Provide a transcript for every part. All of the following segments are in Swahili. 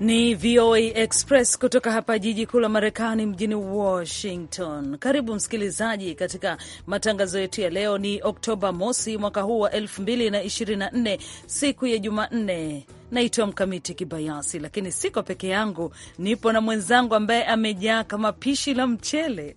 Ni VOA Express kutoka hapa jiji kuu la Marekani, mjini Washington. Karibu msikilizaji katika matangazo yetu ya leo. Ni Oktoba mosi mwaka huu wa 2024 siku ya Jumanne. Naitwa Mkamiti Kibayasi, lakini siko peke yangu, nipo na mwenzangu ambaye amejaa kama pishi la mchele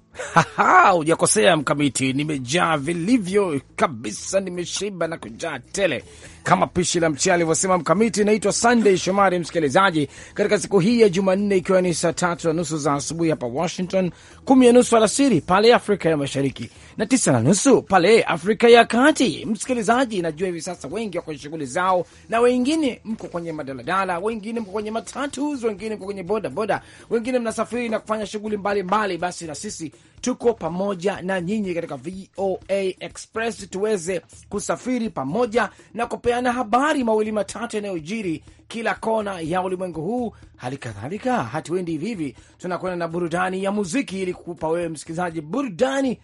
Hujakosea Mkamiti, nimejaa vilivyo kabisa, nimeshiba na kujaa tele kama pishi la mchele alivyosema Mkamiti. Naitwa Sunday Shomari, msikilizaji, katika siku hii ya Jumanne, ikiwa ni saa tatu na nusu za asubuhi hapa Washington, kumi na nusu alasiri pale Afrika ya Mashariki na tisa na nusu pale Afrika ya Kati. Msikilizaji, najua hivi sasa wengi wako kwenye shughuli zao, na wengine mko kwenye madaladala, wengine mko kwenye matatus, wengine mko kwenye bodaboda, wengine mnasafiri na kufanya shughuli mbalimbali. Basi na sisi tuko pamoja na nyinyi katika VOA Express, tuweze kusafiri pamoja na kupeana habari mawili matatu yanayojiri kila kona ya ulimwengu huu. Hali kadhalika hatuendi hivi hivi, tunakwenda na burudani ya muziki ili kukupa wewe msikilizaji burudani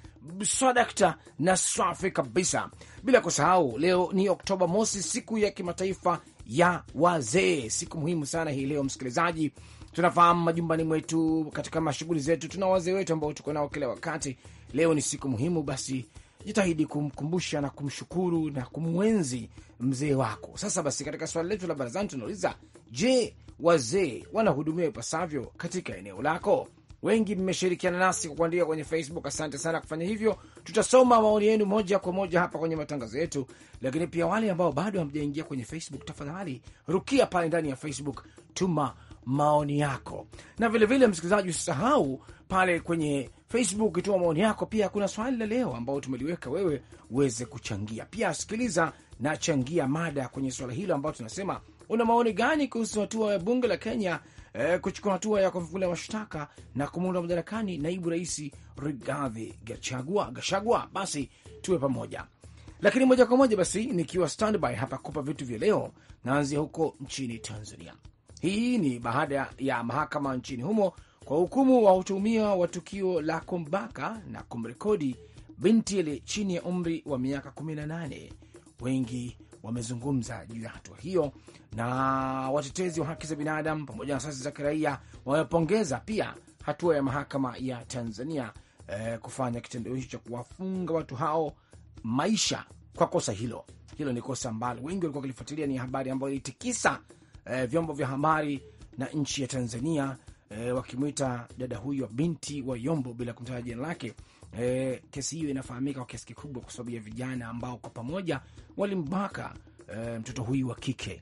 swadakta na safi kabisa, bila kusahau leo ni Oktoba mosi, siku ya kimataifa ya wazee, siku muhimu sana hii leo msikilizaji tunafahamu majumbani mwetu, katika mashughuli zetu, tuna wazee wetu ambao tuko nao kila wakati. Leo ni siku muhimu, basi jitahidi kumkumbusha na kumshukuru na kumwenzi mzee wako. Sasa basi, katika swali letu la barazani tunauliza, je, wazee wanahudumiwa ipasavyo katika eneo lako? Wengi mmeshirikiana nasi kwa kuandika kwenye Facebook. Asante sana kufanya hivyo. Tutasoma maoni yenu moja kwa moja hapa kwenye matangazo yetu, lakini pia wale ambao bado hamjaingia kwenye Facebook, tafadhali rukia pale ndani ya Facebook, tuma maoni yako, na vilevile msikilizaji, usisahau pale kwenye Facebook ituma maoni yako. Pia kuna swali la leo ambao tumeliweka wewe uweze kuchangia pia, sikiliza na changia mada kwenye swala hilo ambao tunasema, una maoni gani kuhusu hatua ya bunge la Kenya eh, kuchukua hatua ya kumfungulia mashtaka na kumuondoa madarakani naibu rais Rigathi Gachagua Gachagua? Basi tuwe pamoja, lakini moja kwa moja basi nikiwa standby hapa kupa vitu vya leo, naanzia huko nchini Tanzania. Hii ni baada ya mahakama nchini humo kwa hukumu wahutumiwa wa tukio la kumbaka na kumrekodi binti aliye chini ya umri wa miaka 18. Wengi wamezungumza juu ya hatua hiyo, na watetezi wa haki za binadamu pamoja na asasi za kiraia wamepongeza pia hatua ya mahakama ya Tanzania eh, kufanya kitendo hicho cha kuwafunga watu hao maisha kwa kosa hilo. Hilo ni kosa ambalo wengi walikuwa wakilifuatilia, ni habari ambayo ilitikisa eh, vyombo vya habari na nchi ya Tanzania eh, wakimwita dada huyu wa binti wa Yombo bila kumtaja jina lake. Eh, kesi hiyo inafahamika kwa kiasi kikubwa kwa sababu ya vijana ambao kwa pamoja walimbaka eh, mtoto huyu wa kike.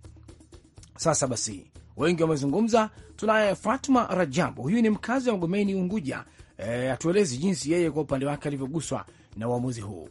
Sasa basi wengi wamezungumza. Tunaye Fatma Rajabu, huyu ni mkazi wa Magomeni, Unguja. E, atuelezi jinsi yeye kwa upande wake alivyoguswa na uamuzi huu.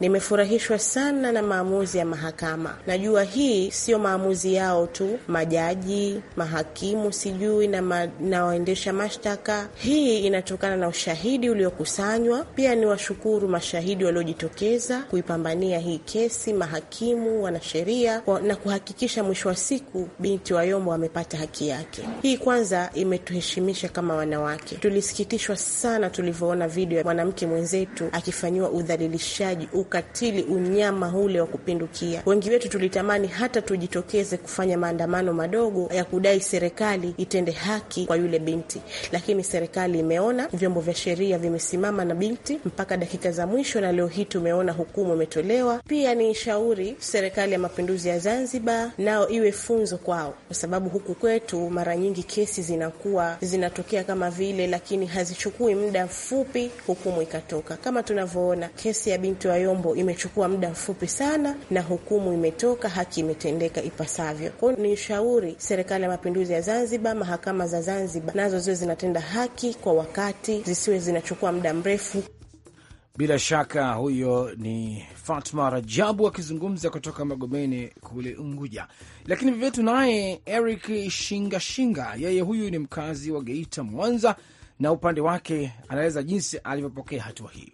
Nimefurahishwa sana na maamuzi ya mahakama. Najua hii sio maamuzi yao tu, majaji, mahakimu, sijui na, ma, na waendesha mashtaka. Hii inatokana na ushahidi uliokusanywa. Pia ni washukuru mashahidi waliojitokeza kuipambania hii kesi, mahakimu, wanasheria na kuhakikisha mwisho wa siku binti Wayombo amepata haki yake. Hii kwanza imetuheshimisha kama wanawake. Tulisikitishwa sana tulivyoona video ya mwanamke mwenzetu akifanyiwa udhalilishaji ukatili, unyama ule wa kupindukia. Wengi wetu tulitamani hata tujitokeze kufanya maandamano madogo ya kudai serikali itende haki kwa yule binti, lakini serikali imeona, vyombo vya sheria vimesimama na binti mpaka dakika za mwisho, na leo hii tumeona hukumu imetolewa. Pia ni shauri serikali ya mapinduzi ya Zanzibar nao iwe funzo kwao, kwa sababu huku kwetu mara nyingi kesi zinakuwa zinatokea kama vile, lakini hazichukui muda mfupi hukumu ikatoka, kama tunavyoona kesi ya binti wa Yombo vyombo imechukua muda mfupi sana, na hukumu imetoka, haki imetendeka ipasavyo. Kwa hiyo ni shauri serikali ya mapinduzi ya Zanzibar, mahakama za Zanzibar nazo ziwe zinatenda haki kwa wakati, zisiwe zinachukua muda mrefu. Bila shaka huyo ni Fatma Rajabu akizungumza kutoka Magomeni kule Unguja. Lakini vivyo tunaye Eric Shingashinga, yeye huyu ni mkazi wa Geita, Mwanza, na upande wake anaeleza jinsi alivyopokea hatua hiyo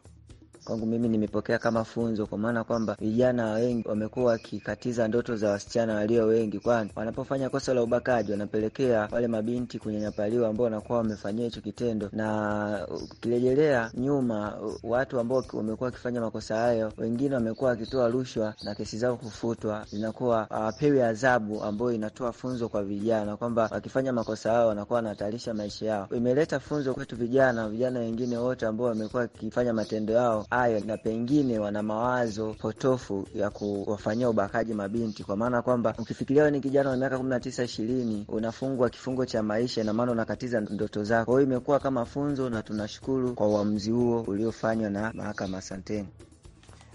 kwangu mimi nimepokea kama funzo, kwa maana kwamba vijana wengi wamekuwa wakikatiza ndoto za wasichana walio wengi, kwani wanapofanya kosa la ubakaji wanapelekea wale mabinti kunyanyapaliwa ambao wanakuwa wamefanyia hicho kitendo. Na ukirejelea nyuma, watu ambao wamekuwa wakifanya makosa hayo, wengine wamekuwa wakitoa rushwa na kesi zao kufutwa, zinakuwa hawapewi adhabu ambayo inatoa funzo kwa vijana kwamba wakifanya makosa hayo wanakuwa wanahatarisha maisha yao. Imeleta funzo kwetu vijana, vijana wengine wote ambao wamekuwa wakifanya matendo yao hayo, na pengine wana mawazo potofu ya kuwafanyia ubakaji mabinti, kwa maana kwamba ukifikiria wewe ni kijana wa miaka kumi na tisa ishirini unafungwa kifungo cha maisha, ina maana unakatiza ndoto zako. Kwa hiyo imekuwa kama funzo, na tunashukuru kwa uamuzi huo uliofanywa na mahakama. Asanteni.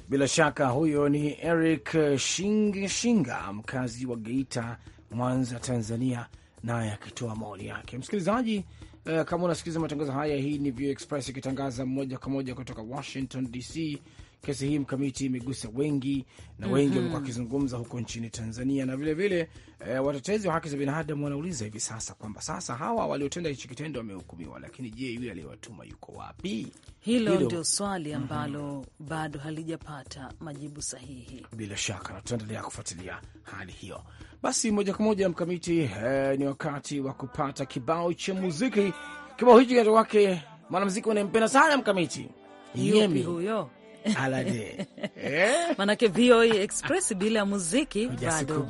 Bila shaka huyo ni Eric Shingishinga, mkazi wa Geita, Mwanza, Tanzania, naye akitoa maoni yake. Msikilizaji Uh, kama unasikiliza matangazo haya, hii ni View Express ikitangaza moja kwa moja kutoka Washington DC. Kesi hii mkamiti imegusa wengi na mhm. wengi wamekuwa mm -hmm. wakizungumza huko nchini Tanzania na vilevile vile, e, watetezi wa haki za binadamu wanauliza hivi sasa kwamba sasa hawa waliotenda hichi kitendo wamehukumiwa, lakini je, yule aliyewatuma yuko wapi? hilo ndio swali mhm. ambalo mm -hmm. bado halijapata majibu sahihi. Bila shaka na tutaendelea kufuatilia hali hiyo. Basi moja kwa moja mkamiti, eh, ni wakati wa kupata kibao cha muziki. Kibao hichi kinatoka kwake mwanamuziki unayempenda sana mkamiti, Yemi huyo Alade eh? Manake VOA e Express bila ya muziki bado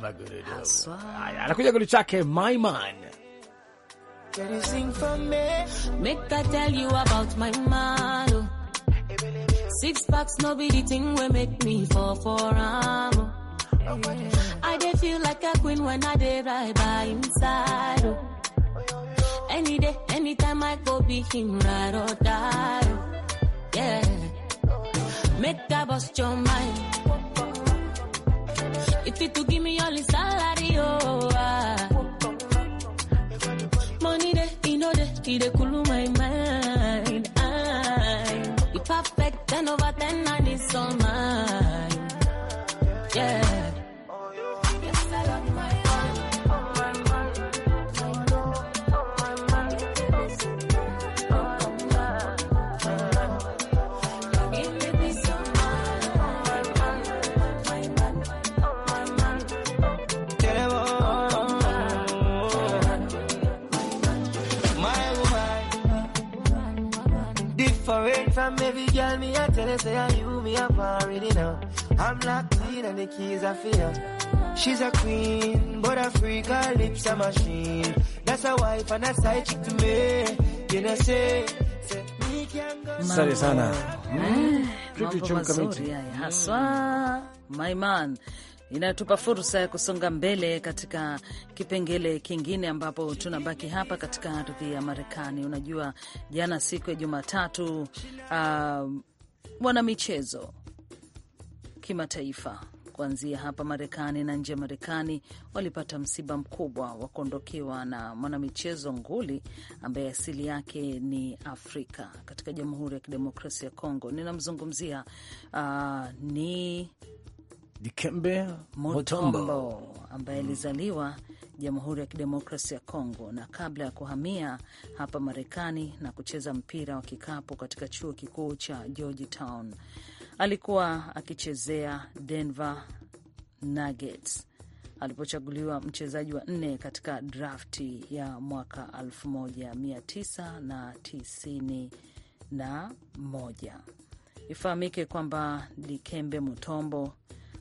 anakuja kitu chake my man Six packs no be the thing we make me fall for am I dey feel like a queen when I dey ride by inside. Oh. Any day, anytime I go be him ride or die. Oh. Yeah, make that bust your mind. If it to give me all his salary, oh. Ah. Money dey, you know day, he dey cool my mind. I, ah. you perfect ten over ten I need some. from every girl, me I tell her say you me up already now. I'm locked in and the keys are for She's a queen, but a freak, her lips a machine. That's a wife and a side chick to me. You know say, say me can go. sana. Mm. Haswa. Ah, my man. inayotupa fursa ya kusonga mbele katika kipengele kingine, ambapo tunabaki hapa katika ardhi ya Marekani. Unajua, jana siku ya Jumatatu, uh, um, wanamichezo kimataifa kuanzia hapa Marekani na nje ya Marekani walipata msiba mkubwa wa kuondokewa na mwanamichezo nguli ambaye asili yake ni Afrika katika Jamhuri ya Kidemokrasia ya Kongo. Ninamzungumzia uh, ni Dikembe Mutombo ambaye mm. alizaliwa Jamhuri ya kidemokrasi ya Kongo na kabla ya kuhamia hapa Marekani na kucheza mpira wa kikapu katika chuo kikuu cha Georgetown. Alikuwa akichezea Denver Nuggets alipochaguliwa mchezaji wa nne katika drafti ya mwaka 1991. Ifahamike kwamba Dikembe Mutombo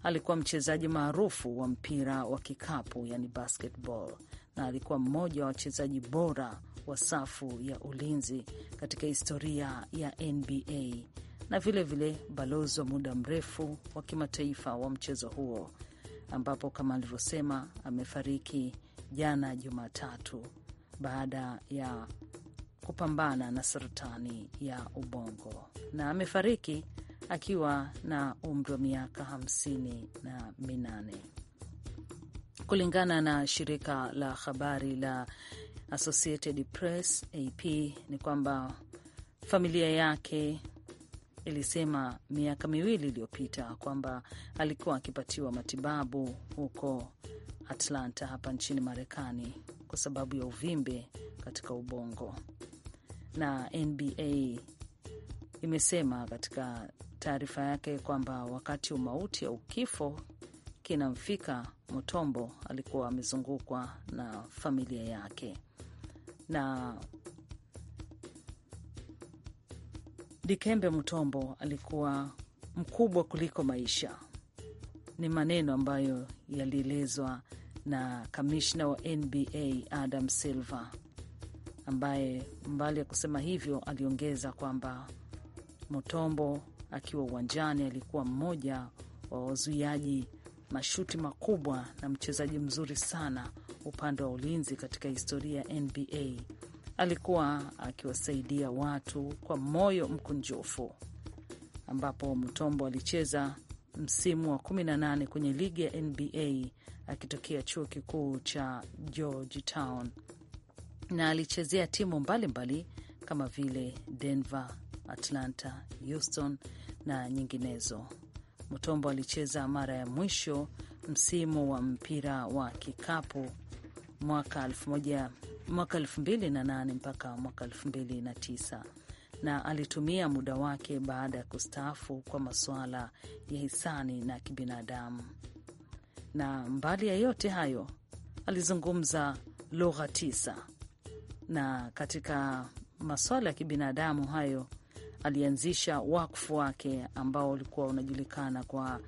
alikuwa mchezaji maarufu wa mpira wa kikapu, yani basketball, na alikuwa mmoja wa wachezaji bora wa safu ya ulinzi katika historia ya NBA na vilevile balozi wa muda mrefu wa kimataifa wa mchezo huo, ambapo kama alivyosema amefariki jana Jumatatu baada ya kupambana na saratani ya ubongo na amefariki akiwa na umri wa miaka hamsini na minane kulingana na shirika la habari la Associated Press AP ni kwamba familia yake ilisema miaka miwili iliyopita kwamba alikuwa akipatiwa matibabu huko Atlanta hapa nchini Marekani kwa sababu ya uvimbe katika ubongo. Na NBA imesema katika taarifa yake kwamba wakati umauti au kifo kinamfika, Mutombo alikuwa amezungukwa na familia yake na Dikembe Mutombo alikuwa mkubwa kuliko maisha, ni maneno ambayo yalielezwa na kamishna wa NBA Adam Silver, ambaye mbali ya kusema hivyo aliongeza kwamba Mutombo akiwa uwanjani, alikuwa mmoja wa wazuiaji mashuti makubwa na mchezaji mzuri sana upande wa ulinzi katika historia ya NBA. Alikuwa akiwasaidia watu kwa moyo mkunjufu, ambapo Mutombo alicheza msimu wa 18 kwenye ligi ya NBA akitokea chuo kikuu cha Georgetown na alichezea timu mbalimbali mbali kama vile Denver Atlanta, Houston na nyinginezo. Mutombo alicheza mara ya mwisho msimu wa mpira wa kikapu mwaka 2008 mpaka mwaka 2009 na alitumia muda wake baada ya kustaafu kwa masuala ya hisani na kibinadamu. Na mbali ya yote hayo, alizungumza lugha tisa, na katika masuala ya kibinadamu hayo alianzisha wakfu wake ambao ulikuwa unajulikana kwa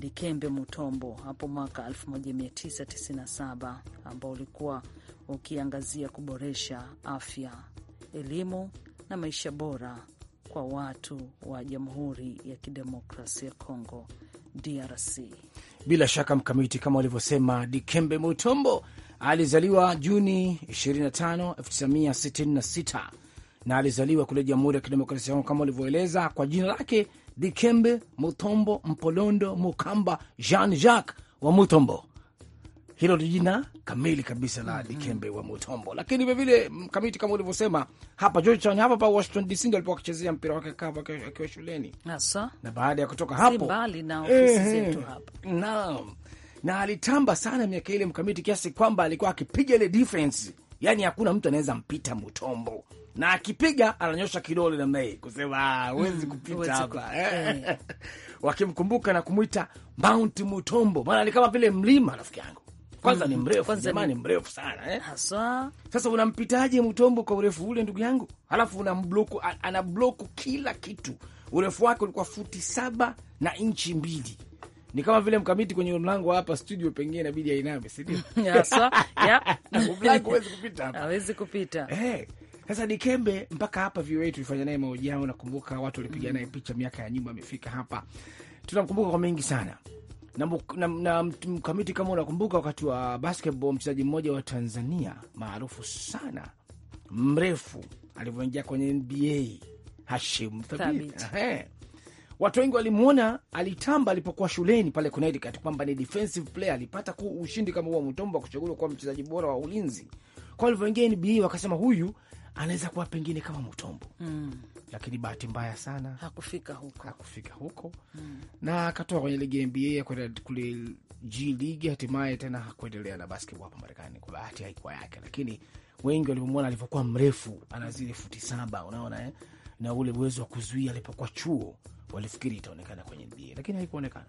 Dikembe Mutombo hapo mwaka 1997 ambao ulikuwa ukiangazia kuboresha afya, elimu na maisha bora kwa watu wa Jamhuri ya Kidemokrasia ya Kongo, DRC. Bila shaka mkamiti, kama walivyosema, Dikembe Mutombo alizaliwa Juni 25, 1966 na alizaliwa kule Jamhuri ya Kidemokrasia yao kama ulivyoeleza kwa jina lake Dikembe Mutombo Mpolondo Mukamba Jean Jacques wa Mutombo. Hilo ni jina kamili kabisa la mhm. Dikembe wa Mutombo, lakini vilevile kamiti, kama ulivyosema hapa Georgetown, hapa pa Washington DC ndo alipokuwa akichezea mpira wake kavu akiwa shuleni, Asa. na baada ya kutoka hapo na, eh, eh, eh. na alitamba sana miaka ile mkamiti, kiasi kwamba alikuwa akipiga ile defense yani hakuna mtu anaweza mpita Mutombo na akipiga ananyosha kidole namna hii kusema ah, huwezi mm, kupita hapa eh. Wakimkumbuka na kumwita Mount Mutombo, maana ni kama vile mlima, rafiki yangu. Kwanza mm, ni mrefu jamani, ni mrefu sana eh. Haswa sasa unampitaje Mutombo kwa urefu ule, ndugu yangu? Halafu unambloku, anabloku kila kitu. Urefu wake ulikuwa futi saba na inchi mbili ni kama vile mkamiti kwenye mlango hapa studio, pengine inabidi ainame, si ndio? Mlango huwezi kupita hapa, hawezi kupita eh. Sasa Dikembe mpaka hapa wetu ifanya naye mahojiano, nakumbuka watu walipiga naye picha miaka ya nyuma, amefika hapa, tunamkumbuka kwa mengi sana na, na, na mkamiti, kama unakumbuka wakati wa basketball, mchezaji mmoja wa Tanzania maarufu sana mrefu alivyoingia kwenye NBA Hashim Thabit, Thabit eh, watu wengi walimwona, alitamba alipokuwa shuleni pale Connecticut kwamba ni defensive player, alipata ushindi kama huo Mutombo wa kuchaguliwa kuwa mchezaji bora wa ulinzi. Kwa walivyoingia NBA wakasema huyu anaweza kuwa pengine kama Mutombo mm. Lakini bahati mbaya sana hakufika huko, hakufika huko. Mm. na akatoka kwenye ligi ya NBA kwenda kule G League, hatimaye tena hakuendelea na basketball hapa Marekani, kwa bahati haikuwa yake, lakini wengi walivyomwona alivyokuwa mrefu, ana zile futi saba, unaona eh? na ule uwezo wa kuzuia alipokuwa chuo walifikiri itaonekana kwenye NBA lakini haikuonekana.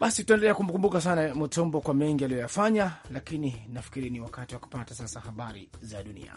Basi tuendelea kumkumbuka sana Mutombo kwa mengi aliyoyafanya, lakini nafikiri ni wakati wa kupata sasa habari za dunia.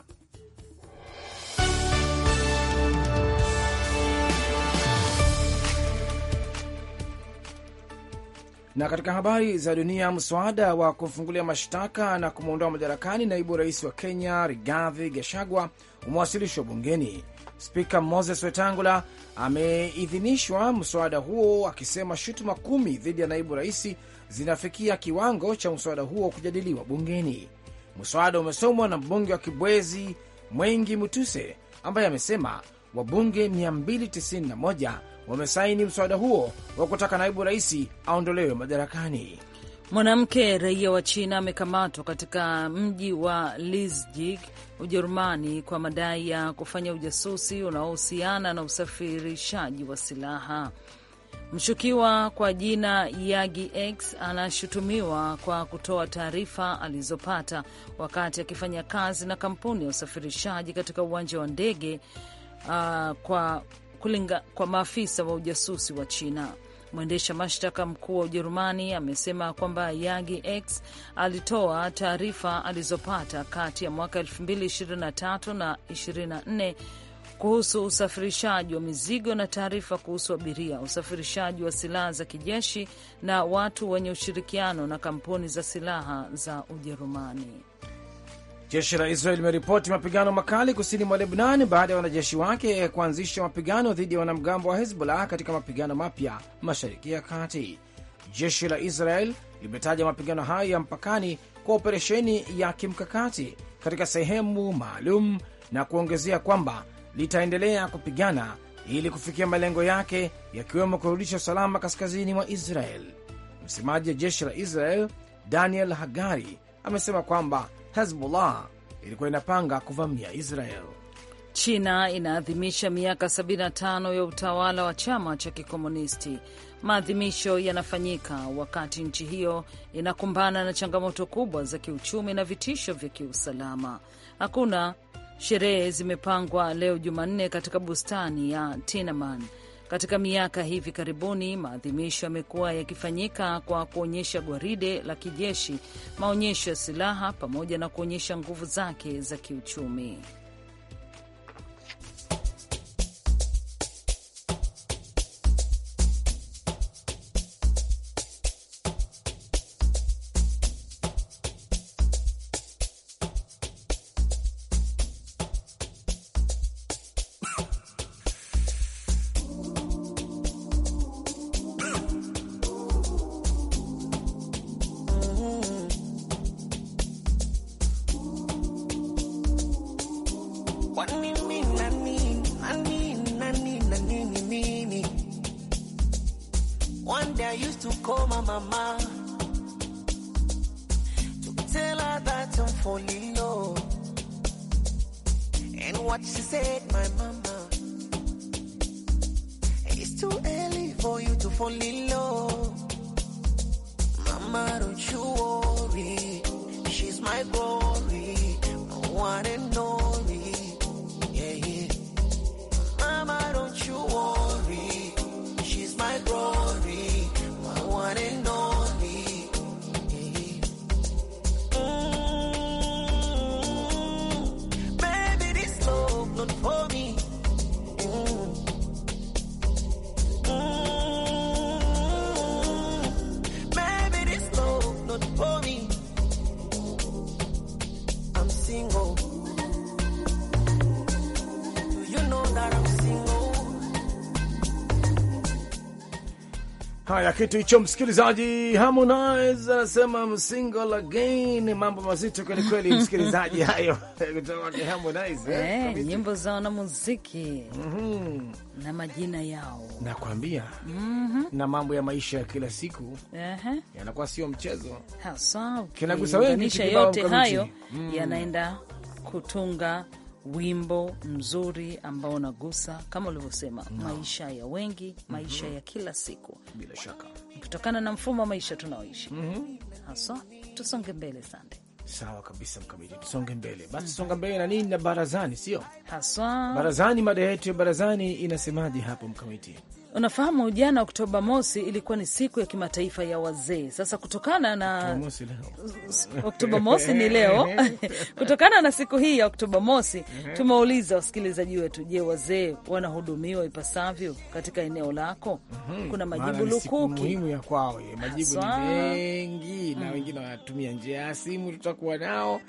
Na katika habari za dunia, mswada wa kumfungulia mashtaka na kumwondoa madarakani naibu rais wa Kenya Rigathi Gachagua umewasilishwa bungeni. Spika Moses Wetangula ameidhinishwa mswada huo akisema shutuma kumi dhidi ya naibu rais zinafikia kiwango cha mswada huo kujadiliwa bungeni. Mswada umesomwa na mbunge wa Kibwezi Mwengi Mutuse ambaye amesema wabunge 291 wamesaini mswada huo wa kutaka naibu rais aondolewe madarakani. Mwanamke raia wa China amekamatwa katika mji wa Leipzig, Ujerumani, kwa madai ya kufanya ujasusi unaohusiana na usafirishaji wa silaha. Mshukiwa kwa jina Yagi X anashutumiwa kwa kutoa taarifa alizopata wakati akifanya kazi na kampuni ya usafirishaji katika uwanja wa ndege uh, kwa kulinga kwa maafisa wa ujasusi wa China. Mwendesha mashtaka mkuu wa Ujerumani amesema kwamba Yagi X alitoa taarifa alizopata kati ya mwaka 2023 na 24 kuhusu usafirishaji wa mizigo na taarifa kuhusu abiria, usafirishaji wa silaha za kijeshi na watu wenye ushirikiano na kampuni za silaha za Ujerumani. Jeshi la Israel limeripoti mapigano makali kusini mwa Lebnan baada ya wanajeshi wake kuanzisha mapigano dhidi ya wanamgambo wa Hezbollah katika mapigano mapya mashariki ya kati. Jeshi la Israel limetaja mapigano hayo ya mpakani kwa operesheni ya kimkakati katika sehemu maalum na kuongezea kwamba litaendelea kupigana ili kufikia malengo yake yakiwemo kurudisha usalama kaskazini mwa Israel. Msemaji wa jeshi la Israel Daniel Hagari amesema kwamba Hezbollah ilikuwa inapanga kuvamia Israel. China inaadhimisha miaka 75 ya utawala wa chama cha kikomunisti. Maadhimisho yanafanyika wakati nchi hiyo inakumbana na changamoto kubwa za kiuchumi na vitisho vya kiusalama. Hakuna sherehe zimepangwa leo Jumanne katika bustani ya Tiananmen katika miaka hivi karibuni, maadhimisho yamekuwa yakifanyika kwa kuonyesha gwaride la kijeshi, maonyesho ya silaha pamoja na kuonyesha nguvu zake za kiuchumi. I used to call my mama to tell her that I'm falling love. And what she said, my mama, it's too early for you to fall in love. Mama, don't you worry, she's my glory, my one and Haya, kitu hicho msikilizaji, Harmonize anasema single again. Mambo mazito kweli kweli, msikilizaji, hayo kutoka kwa Harmonize eh, eh nyimbo za wanamuziki mm -hmm. na majina yao nakwambia, mm -hmm. na mambo ya maisha ya kila siku uh -huh. yanakuwa sio mchezo hasa, kinagusa wengi yote hayo mm. yanaenda kutunga wimbo mzuri ambao unagusa kama ulivyosema, no. maisha ya wengi, mhm. maisha mm -hmm. ya kila siku, bila shaka kutokana na mfumo wa maisha tunaoishi mm -hmm. haswa. Tusonge mbele sande. Sawa kabisa Mkamiti, tusonge mbele basi. mm -hmm. Songa mbele na nini na barazani, sio haswa? Barazani, mada yetu ya barazani inasemaje hapo Mkamiti? Unafahamu, jana Oktoba mosi ilikuwa ni siku ya kimataifa ya wazee. Sasa kutokana na Oktoba mosi ni leo kutokana na siku hii ya Oktoba mosi mhm. tumeuliza wasikilizaji wetu, je, wazee wanahudumiwa ipasavyo katika eneo lako? Mhm. Kuna majibu lukuki muhimu ya kwao, majibu ni mengi na mm. wengine wanatumia njia ya simu, tutakuwa nao.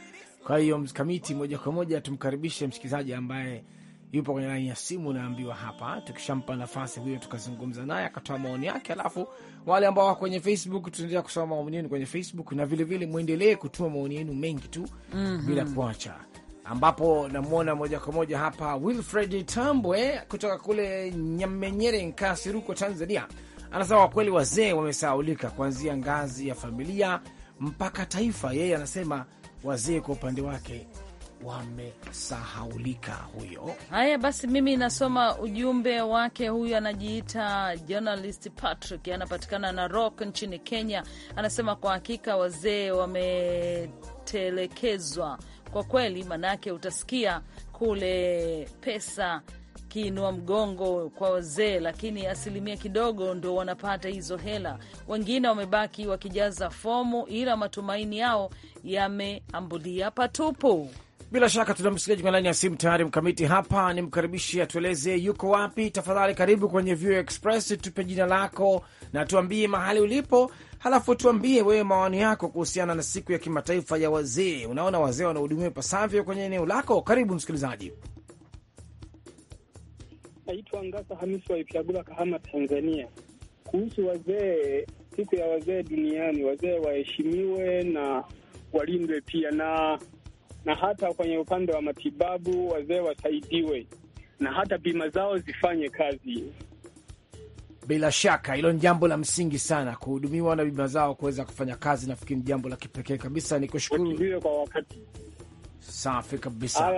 Kwa hiyo mkamiti, moja kwa moja tumkaribishe msikilizaji ambaye yupo kwenye laini ya simu, naambiwa hapa. Tukishampa nafasi huyo, tukazungumza naye akatoa maoni yake, alafu wale ambao wako kwenye Facebook tunaendelea kusoma maoni yenu kwenye Facebook, na vilevile mwendelee kutuma maoni yenu mengi tu mm -hmm. bila kuacha, ambapo namwona moja kwa moja hapa Wilfred Tambwe kutoka kule Nyamenyere, Nkasi, Rukwa, Tanzania, anasema wakweli wazee wamesaulika kuanzia ngazi ya familia mpaka taifa. Yeye anasema wazee kwa upande wake wamesahaulika huyo. Haya basi, mimi nasoma ujumbe wake. Huyu anajiita journalist Patrick, anapatikana na Rock nchini Kenya. Anasema kwa hakika wazee wametelekezwa kwa kweli, manake utasikia kule pesa kiinua mgongo kwa wazee, lakini asilimia kidogo ndo wanapata hizo hela. Wengine wamebaki wakijaza fomu, ila matumaini yao yameambulia patupu. Bila shaka tuna msikilizaji kwa ndani ya simu tayari, mkamiti hapa ni mkaribishi, atueleze yuko wapi tafadhali. Karibu kwenye View Express, tupe jina lako na tuambie mahali ulipo, halafu tuambie wewe maoni yako kuhusiana na siku ya kimataifa ya wazee. Unaona wazee wanahudumiwa ipasavyo kwenye eneo lako? Karibu msikilizaji. Naitwa Ngasa Hamisi Waipyagula, Kahama, Tanzania. Kuhusu wazee, siku ya wazee duniani, wazee waheshimiwe na walindwe pia na na hata kwenye upande wa matibabu wazee wasaidiwe, na hata bima zao zifanye kazi. Bila shaka hilo ni jambo la msingi sana, kuhudumiwa na bima zao kuweza kufanya kazi. Nafikiri ni jambo la kipekee kabisa, nikushukuru kwa wakati. Safi kabisa,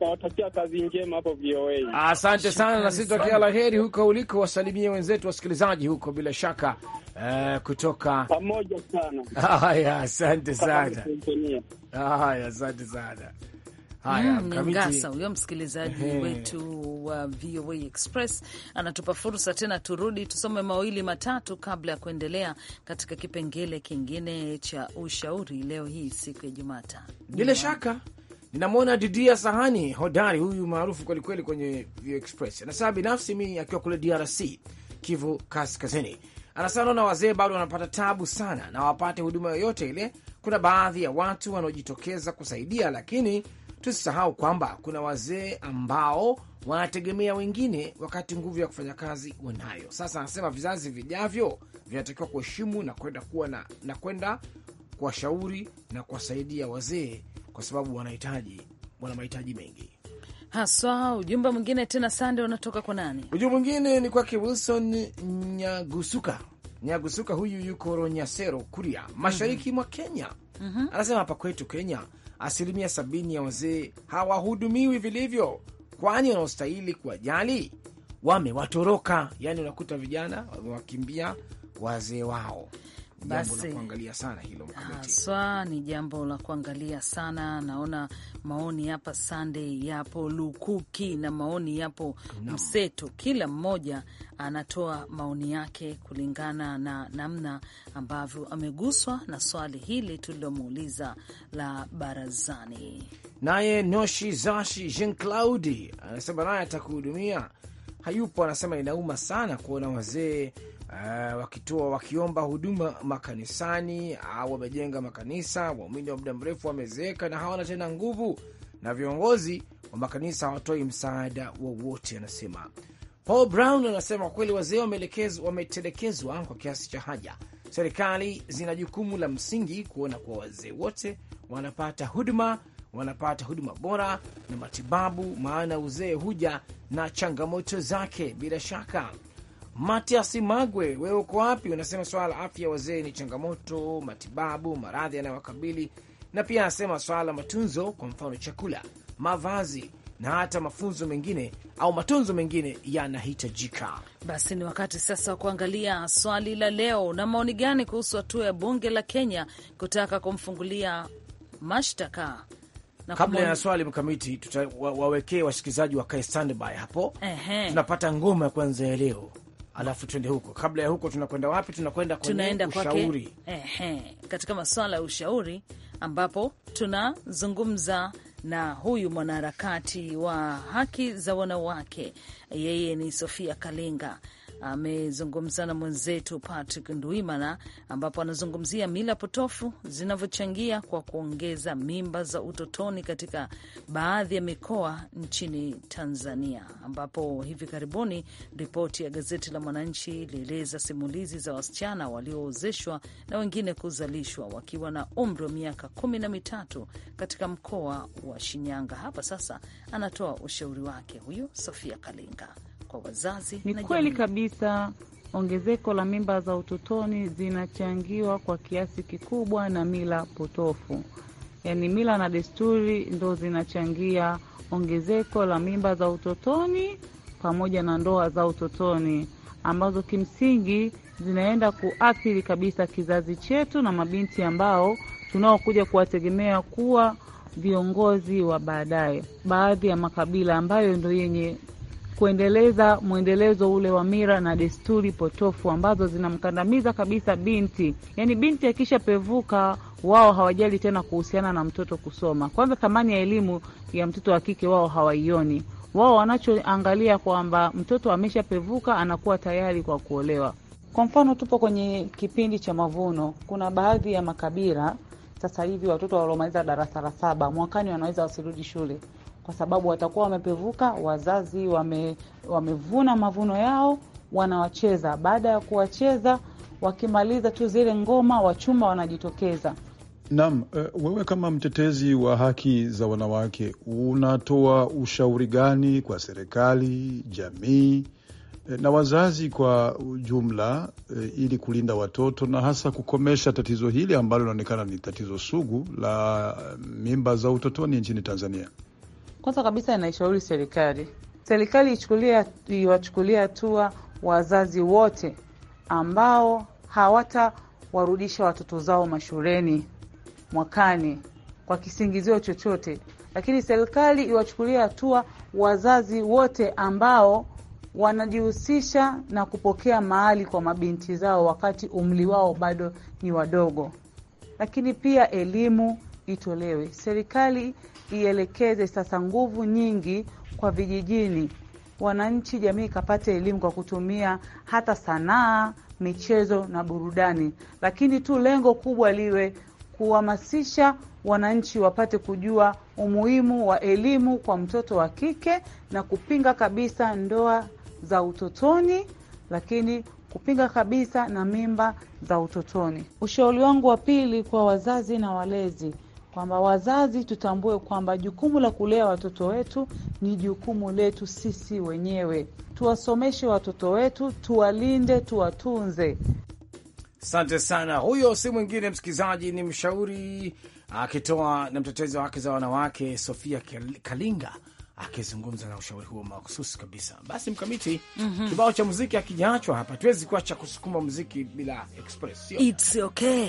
nawatakia kazi njema hapo VOA. Asante sana, na sisi tutakia la heri huko uliko, wasalimie wenzetu wasikilizaji huko bila shaka. Uh, kutoka pamoja sana. Haya, asante sana. Haya, asante sana. Haya, mm, huyo msikilizaji wetu wa VOA Express anatupa fursa tena, turudi tusome mawili matatu kabla ya kuendelea katika kipengele kingine cha ushauri leo hii siku ya Jumatatu. Bila shaka ninamwona Didia Sahani hodari huyu maarufu kwelikweli kwenye VOA Express, anasema binafsi mi akiwa kule DRC Kivu Kaskazini, anasema naona wazee bado wanapata tabu sana na wapate huduma yoyote ile kuna baadhi ya watu wanaojitokeza kusaidia, lakini tusisahau kwamba kuna wazee ambao wanategemea wengine, wakati nguvu ya kufanya kazi wanayo. Sasa anasema vizazi vijavyo vinatakiwa kuheshimu na kwenda kuwa na, na kwenda kuwashauri na kuwasaidia wazee, kwa sababu wanahitaji, wana mahitaji mengi haswa. Ujumbe mwingine tena, Sande, unatoka kwa nani? Ujumbe mwingine ni kwake Wilson Nyagusuka Nyagusuka huyu yuko Ronyasero, Kuria, mashariki mm -hmm. mwa Kenya mm -hmm. anasema hapa kwetu Kenya asilimia sabini ya wazee hawahudumiwi vilivyo, kwani wanaostahili kuwajali wamewatoroka. Yaani unakuta vijana wamewakimbia wazee wao basi la kuangalia sana hilo haswa, ni jambo la kuangalia sana. Naona maoni hapa Sunday yapo lukuki na maoni yapo no. mseto. Kila mmoja anatoa maoni yake kulingana na namna ambavyo ameguswa na swali hili tulilomuuliza la barazani. Naye Noshi Zashi Jean Claudi anasema naye atakuhudumia hayupo, anasema inauma sana kuona wazee uh, wakitoa wakiomba huduma makanisani au wamejenga makanisa, waumini wa muda mrefu wamezeeka na hawana tena nguvu, na viongozi wa makanisa hawatoi msaada wowote, anasema Paul Brown. Anasema kwa kweli wazee wametelekezwa kwa kiasi cha haja. Serikali zina jukumu la msingi kuona kuwa wazee wote wanapata huduma wanapata huduma bora na matibabu, maana uzee huja na changamoto zake. Bila shaka, Matias Magwe, wewe uko wapi? Unasema swala la afya wazee ni changamoto, matibabu, maradhi yanayowakabili na pia anasema swala la matunzo, kwa mfano chakula, mavazi na hata mafunzo mengine au matunzo mengine yanahitajika. Basi ni wakati sasa wa kuangalia swali la leo. Na maoni gani kuhusu hatua ya bunge la Kenya kutaka kumfungulia mashtaka na kabla ya swali mkamiti tutawawekee wasikilizaji wakae standby hapo. Ehe. Tunapata ngoma ya kwanza ya leo alafu tuende huko. Kabla ya huko, tunakwenda wapi? Tunakwenda kwenye ushauri. Ehe, katika masuala ya ushauri ambapo tunazungumza na huyu mwanaharakati wa haki za wanawake, yeye ni Sofia kalinga amezungumza na mwenzetu Patrick Ndwimana, ambapo anazungumzia mila potofu zinavyochangia kwa kuongeza mimba za utotoni katika baadhi ya mikoa nchini Tanzania, ambapo hivi karibuni ripoti ya gazeti la Mwananchi ilieleza simulizi za wasichana walioozeshwa na wengine kuzalishwa wakiwa na umri wa miaka kumi na mitatu katika mkoa wa Shinyanga. Hapa sasa anatoa ushauri wake huyu Sofia Kalinga kwa wazazi. Ni kweli kabisa, ongezeko la mimba za utotoni zinachangiwa kwa kiasi kikubwa na mila potofu, yaani mila na desturi ndo zinachangia ongezeko la mimba za utotoni pamoja na ndoa za utotoni ambazo kimsingi zinaenda kuathiri kabisa kizazi chetu na mabinti ambao tunaokuja kuwategemea kuwa viongozi wa baadaye. Baadhi ya makabila ambayo ndo yenye kuendeleza mwendelezo ule wa mira na desturi potofu ambazo zinamkandamiza kabisa binti. Yaani binti akishapevuka wao hawajali tena kuhusiana na mtoto kusoma. Kwanza thamani ya elimu ya mtoto wa kike wao hawaioni. Wao wanachoangalia kwamba mtoto ameshapevuka anakuwa tayari kwa kuolewa. Kwa mfano, tupo kwenye kipindi cha mavuno, kuna baadhi ya makabila sasa hivi watoto waliomaliza darasa la saba mwakani wanaweza wasirudi shule kwa sababu watakuwa wamepevuka, wazazi wame, wamevuna mavuno yao, wanawacheza. Baada ya kuwacheza, wakimaliza tu zile ngoma, wachuma wanajitokeza. Naam, eh, wewe kama mtetezi wa haki za wanawake unatoa ushauri gani kwa serikali, jamii eh, na wazazi kwa ujumla eh, ili kulinda watoto na hasa kukomesha tatizo hili ambalo linaonekana ni tatizo sugu la mimba za utotoni nchini Tanzania? Kwanza kabisa, inaishauri serikali serikali iwachukulia hatua wazazi wote ambao hawatawarudisha watoto zao mashuleni mwakani kwa kisingizio chochote, lakini serikali iwachukulia hatua wazazi wote ambao wanajihusisha na kupokea mahali kwa mabinti zao wakati umri wao bado ni wadogo. Lakini pia elimu itolewe. Serikali ielekeze sasa nguvu nyingi kwa vijijini, wananchi, jamii ikapate elimu kwa kutumia hata sanaa, michezo na burudani, lakini tu lengo kubwa liwe kuhamasisha wananchi wapate kujua umuhimu wa elimu kwa mtoto wa kike na kupinga kabisa ndoa za utotoni, lakini kupinga kabisa na mimba za utotoni. Ushauri wangu wa pili kwa wazazi na walezi kwamba wazazi tutambue kwamba jukumu la kulea watoto wetu ni jukumu letu sisi wenyewe. Tuwasomeshe watoto wetu, tuwalinde, tuwatunze. Asante sana. Huyo si mwingine msikilizaji, ni mshauri akitoa na mtetezi wa haki za wanawake Sofia Kalinga akizungumza na ushauri huo mahususi kabisa. Basi mkamiti mm -hmm. Kibao cha muziki akijaachwa hapa, tuwezi kuacha kusukuma muziki bila express. It's okay.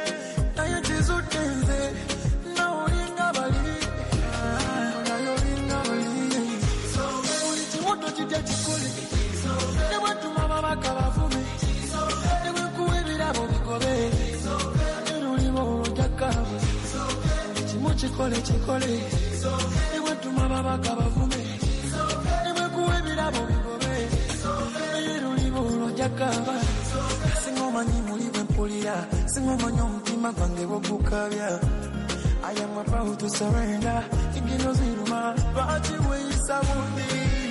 kujja kikulu ne bwe tuma babaka bafumi ne bwe nkuwa ebirabo bigobe ne lulimo olujja kkaabwe kimu kikole kikole ne bwe tuma babaka bafumi ne bwe nkuwa ebirabo bigobe ne lulimo olujja kkaabwe singa omanyi muli bwe mpulira singa omanyi omutima gwange bwogukabya I am about to surrender. Thinking of you, my body weighs a wounding.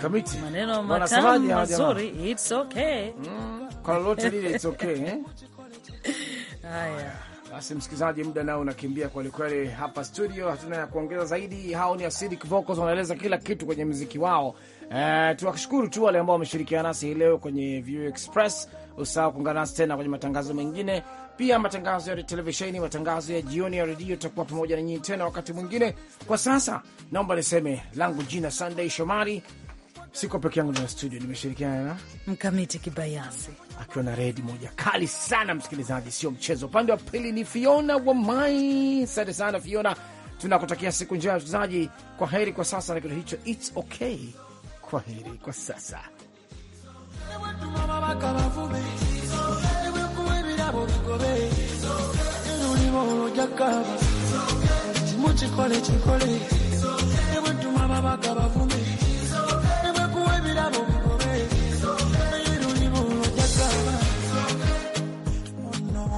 Mkamiti, maneno matamu mazuri, it's okay mm, kwa lolote lile it's okay eh? Haya basi, msikilizaji, muda nao unakimbia kweli kweli. Hapa studio hatuna ya kuongeza zaidi. Hao ni Acidic Vocals, wanaeleza kila kitu kwenye muziki wao. E, eh, tuwashukuru tu wale ambao wameshirikiana nasi hii leo kwenye View Express. Usahau kuungana nasi tena kwenye matangazo mengine, pia matangazo ya televisheni, matangazo ya jioni ya redio. Tutakuwa pamoja na nyinyi tena wakati mwingine. Kwa sasa naomba niseme langu jina Sunday Shomari, siko peke yangu na studio, nimeshirikiana na Mkamiti Kibayasi akiwa na redi moja kali sana, msikilizaji, sio mchezo. Upande wa pili ni Fiona Wamai. Asante sana Fiona, tunakutakia siku njema msikilizaji. Kwa heri kwa sasa na kitu hicho, it's okay. Kwa heri kwa sasa. I don't